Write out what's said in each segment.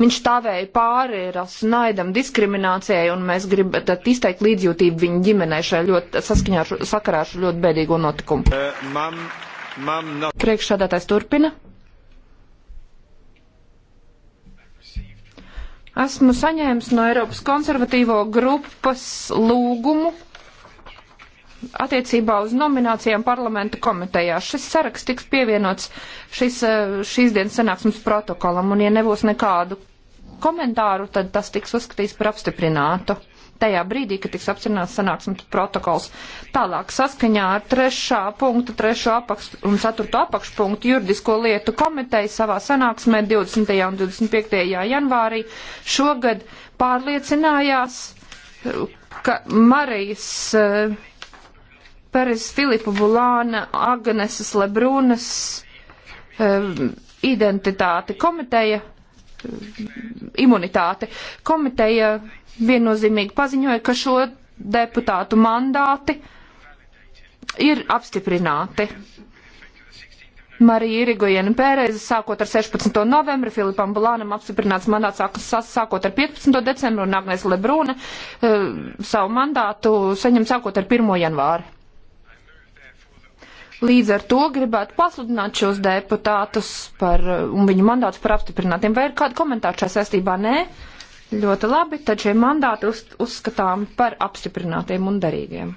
Viņš stāvēja pāri rasu naidam, diskriminācijai, un mēs gribam izteikt līdzjūtību viņa ģimenei šajā ļoti saskaņā ar sakarā ar šo ļoti bēdīgo notikumu. Uh, mam, mam no... Priekšsādātājs turpina. Esmu saņēmis no Eiropas konservatīvo grupas lūgumu attiecībā uz nominācijām parlamenta komitejā. Šis saraksts tiks pievienots šis, eh, šīs dienas sanāksmes protokolam, un ja nebūs nekādu komentāru, tad tas tiks uzskatīts par apstiprinātu. Tajā brīdī, kad tiks apstiprināts sanāksmes protokols. Tālāk saskaņā ar trešā punktu, trešo apakš un ceturto apakšpunktu juridisko lietu komiteja savā sanāksmē 20. un 25. janvārī šogad pārliecinājās, ka Marijas uh, Peres Filipa Bulāna, Agneses Lebrūnas uh, eh, identitāti komiteja imunitāte. Komiteja viennozīmīgi paziņoja, ka šo deputātu mandāti ir apstiprināti. Marija Irigojena Pērēze sākot ar 16. novembri, Filipam Bulānam apstiprināts mandāts sākot ar 15. decembru un Agnēs Lebrūne eh, savu mandātu saņem sākot ar 1. janvāri. Līdz ar to gribētu pasludināt šos deputātus par, uh, un viņu mandātus par apstiprinātiem. Vai ir kāda komentāra šajā saistībā? Nē. Ļoti labi, tad šie mandāti uz, uzskatām par apstiprinātiem un derīgiem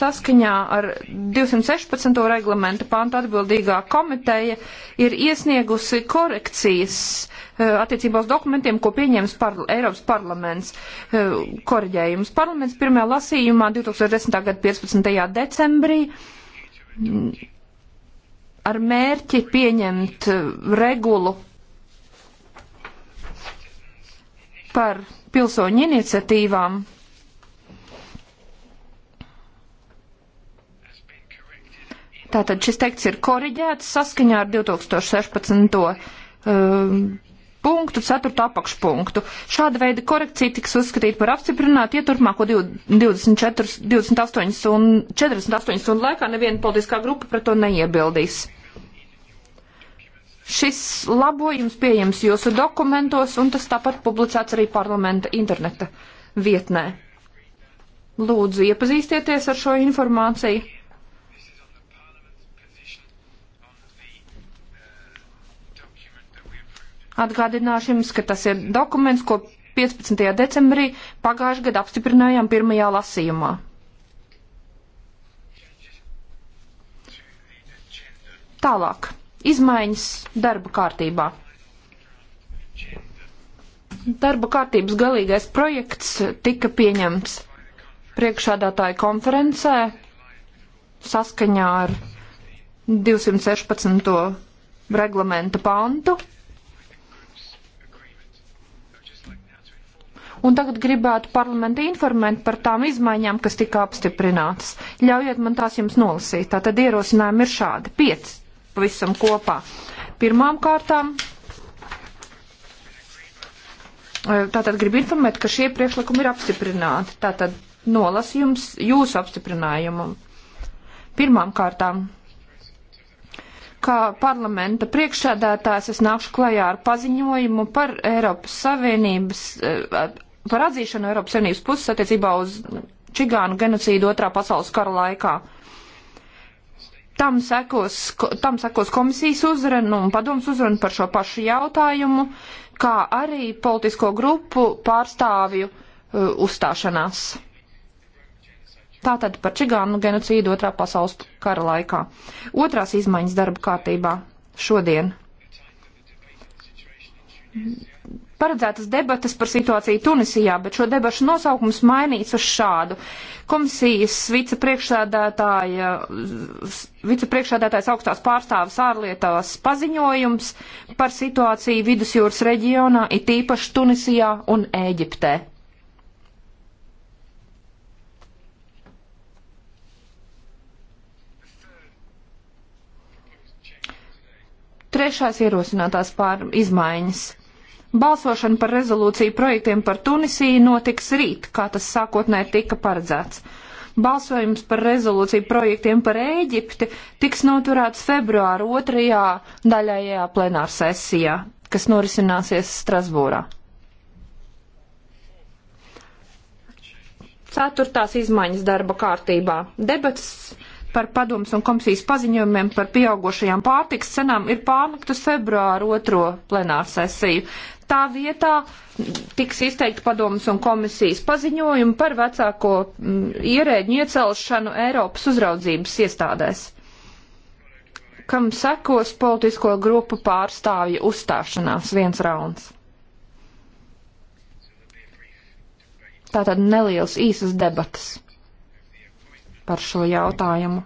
saskaņā ar 216. reglamenta pantu atbildīgā komiteja ir iesniegusi korekcijas eh, attiecībā uz dokumentiem, ko pieņems par, Eiropas parlaments eh, koreģējums. Parlaments pirmajā lasījumā 2010. gada 15. decembrī mm, ar mērķi pieņemt eh, regulu par pilsoņu iniciatīvām Tātad šis teksts ir koriģēts saskaņā ar 2016. Um, punktu, ceturto apakšpunktu. Šāda veida korekcija tiks uzskatīta par apstiprinātu, ja turpmāko 24, 28 un 48 stundu laikā neviena politiskā grupa pret to neiebildīs. Šis labojums pieejams jūsu dokumentos, un tas tāpat publicēts arī parlamenta interneta vietnē. Lūdzu, iepazīstieties ar šo informāciju. Atgādināšu jums, ka tas ir dokuments, ko 15. decembrī pagājušajā gadā apstiprinājām pirmajā lasījumā. Tālāk. Izmaiņas darba kārtībā. Darba kārtības galīgais projekts tika pieņemts priekšādātāja konferencē saskaņā ar 216. reglamenta pantu. un tagad gribētu parlamentu informēt par tām izmaiņām, kas tika apstiprinātas. Ļaujiet man tās jums nolasīt. Tātad ierosinājumi ir šādi, pieci pavisam kopā. Pirmām kārtām. E, tātad gribu informēt, ka šie priekšlikumi ir apstiprināti. Tātad nolasījums jūsu apstiprinājumam. Pirmām kārtām kā parlamenta priekšsēdētājs es nākšu klajā ar paziņojumu par Eiropas Savienības e, par atzīšanu Eiropas Savienības puses attiecībā uz čigānu genocīdu otrā pasaules kara laikā. Tam sekos, tam sekos komisijas uzrunu un padoms uzrunu par šo pašu jautājumu, kā arī politisko grupu pārstāvju uh, uzstāšanās. Tātad par čigānu genocīdu otrā pasaules kara laikā. Otrās izmaiņas darba kārtībā šodien paredzētas debatas par situāciju Tunisijā, bet šo debašu nosaukums mainīts uz šādu. Komisijas vicepriekšsēdētāja, vicepriekšsēdētājs augstās pārstāvis ārlietās paziņojums par situāciju vidusjūras reģionā, it īpaši Tunisijā un Ēģiptē. Trešās ierosinātās pār izmaiņas Balsošana par rezolūciju projektiem par Tunisiju notiks rīt, kā tas sākotnēji tika paredzēts. Balsojums par rezolūciju projektiem par Ēģipti tiks noturēts februāra otrajā daļējā plenārsesijā, kas norisināsies Strasbūrā. Ceturtās izmaiņas darba kārtībā. Debats par padomus un komisijas paziņojumiem par pieaugušajām pārtiks cenām ir pārnakt uz februāru otro plenāru sesiju. Tā vietā tiks izteikti padomus un komisijas paziņojumi par vecāko mm, ierēģu iecelšanu Eiropas uzraudzības iestādēs kam sekos politisko grupu pārstāvju uzstāšanās viens rauns. Tātad neliels īsas debatas par šo jautājumu.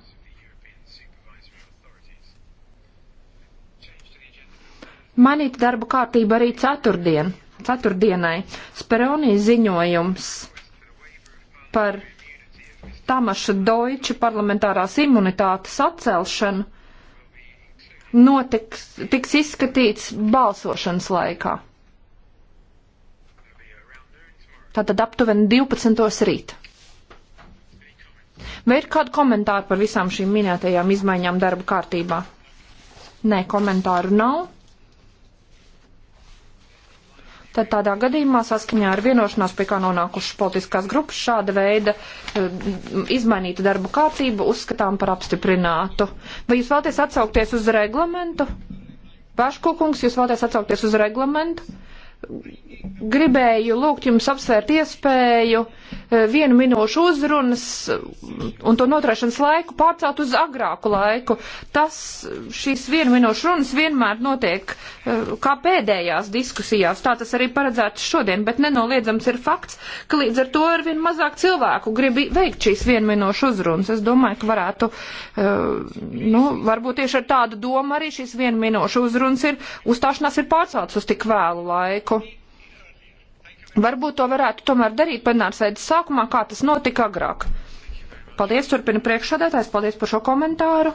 Mainīt darbu kārtību arī ceturtdien, ceturtdienai. Speronī ziņojums par Tamaša Deutsche parlamentārās imunitātes atcelšanu notiks, tiks izskatīts balsošanas laikā. Tātad aptuveni 12. rīta. Vai ir kādi komentāri par visām šīm minētajām izmaiņām darba kārtībā? Nē, komentāru nav. Tad tādā gadījumā saskaņā ar vienošanās, pie kā nonākušas politiskās grupas, šāda veida eh, izmainīta darba kārtība uzskatām par apstiprinātu. Vai jūs vēlaties atsaukties uz reglamentu? Paškokungs, jūs vēlaties atsaukties uz reglamentu? gribēju lūgt jums apsvērt iespēju vienu minūšu uzrunas un to noturēšanas laiku pārcelt uz agrāku laiku. Tas, šīs vienu minūšu runas vienmēr notiek eh, kā pēdējās diskusijās. Tā tas arī paredzēts šodien, bet nenoliedzams ir fakts, ka līdz ar to ar vien mazāk cilvēku grib veikt šīs vienu minūšu uzrunas. Es domāju, ka varētu, eh, nu, varbūt tieši ar tādu domu arī šīs vienu minūšu uzrunas ir, uzstāšanās ir pārceltas uz tik vēlu laiku. Varbūt to varētu tomēr darīt plenārsēdes sākumā, kā tas notika agrāk. Paldies, turpina priekšsādātājs, paldies par šo komentāru.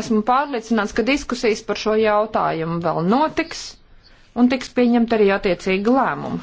Esmu pārliecināts, ka diskusijas par šo jautājumu vēl notiks un tiks pieņemt arī attiecīgi lēmumi.